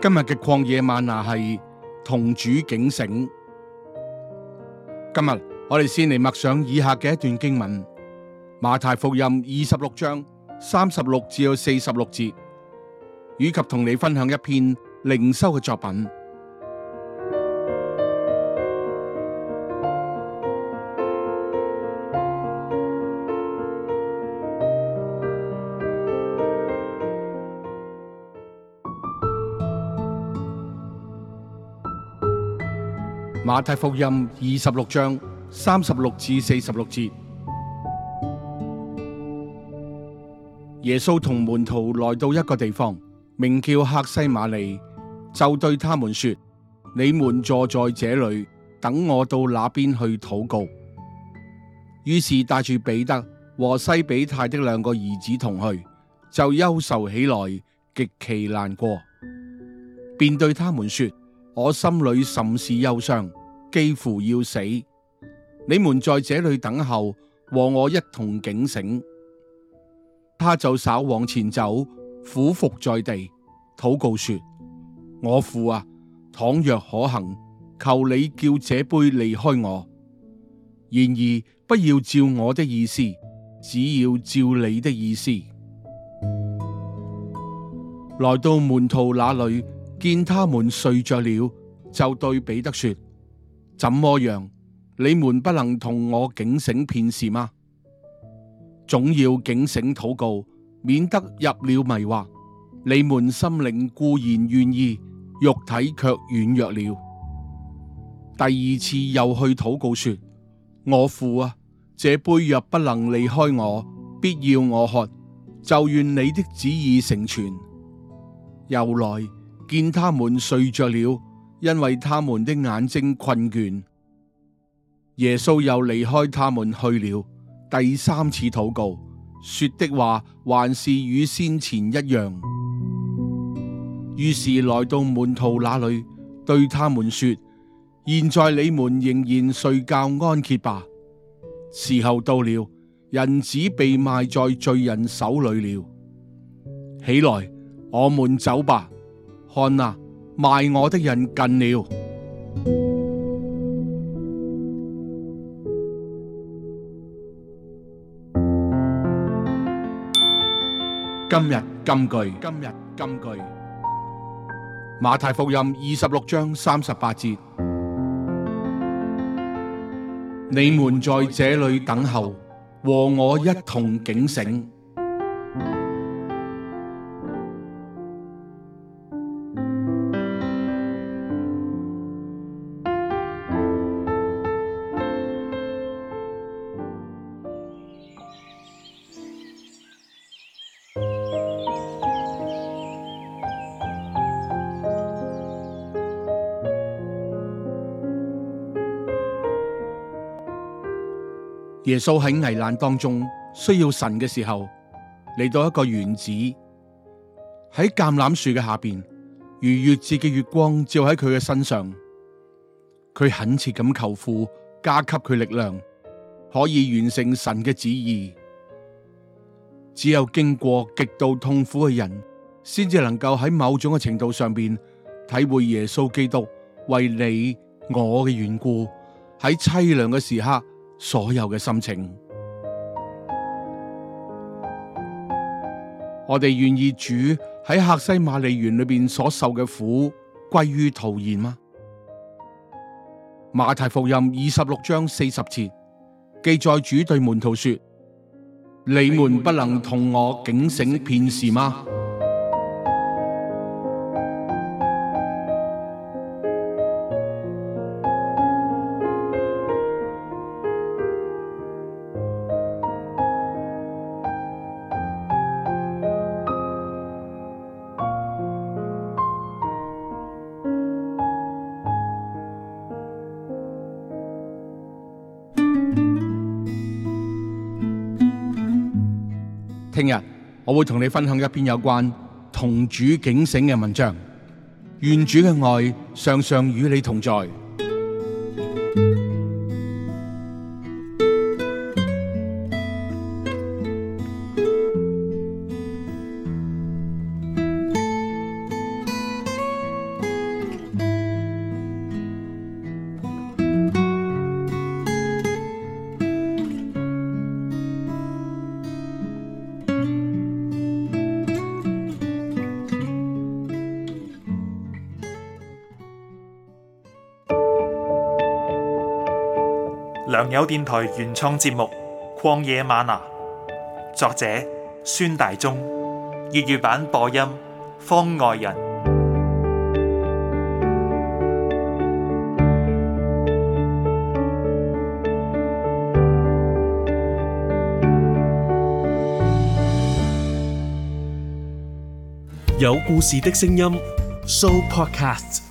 今日嘅曠野嗎哪係同主儆醒。今日我哋先嚟默想以下嘅一段經文，馬太福音二十六章三十六至到四十六節，以及同你分享一篇靈修嘅作品。馬太福音二十六章三十六至四十六節，耶穌同門徒來到一個地方，名叫客西馬尼，就對他們說：你們坐在這裏等我到那邊去禱告。於是帶住彼得和西比泰的兩個兒子同去，就憂愁起來，極其難過，便對他們說：我心裏甚是憂傷。幾乎要死，你們在這裏等候，和我一同警醒。他就稍往前走，俯伏在地，禱告說：我父啊，倘若可行，求你叫這杯離開我。然而不要照我的意思，只要照你的意思。來到門徒那裏，見他們睡着了，就對彼得說。怎麼樣？你們不能同我儆醒片時嗎？總要儆醒禱告，免得入了迷惑。你們心靈固然願意，肉體卻軟弱了。第二次又去禱告說：我父啊，這杯若不能離開我，必要我喝，就願你的旨意成全。又來見他們睡着了。因為他們的眼睛困倦，耶穌又離開他們去了第三次禱告，說的話還是與先前一樣。於是來到門徒那裡，對他們說：現在你們仍然睡覺安歇吧。時候到了，人子被賣在罪人手裡了。起來，我們走吧。看啊！賣我的人近了。今日金句，今日金句。馬太福音二十六章三十八節：你們在這裏等候，和我一同儆醒。耶穌喺危難當中需要神嘅時候，嚟到一個園子，喺橄欖樹嘅下邊，逾越節嘅月光照喺佢嘅身上，佢懇切咁求父加給佢力量，可以完成神嘅旨意。只有經過極度痛苦嘅人，先至能夠喺某種嘅程度上邊體會耶穌基督為你我嘅緣故，喺淒涼嘅時刻。所有嘅心情，我哋願意主喺客西馬尼園裏邊所受嘅苦歸於徒然嗎？馬太福音二十六章四十節記載，主對門徒說：你們不能同我警醒片時嗎？聽日我會同你分享一篇有關同主儆醒嘅文章。願主嘅愛常常與你同在。良友電台原創節目《曠野嗎哪》，作者孫大中，粵語版播音方外人，有故事的聲音 Show Podcast。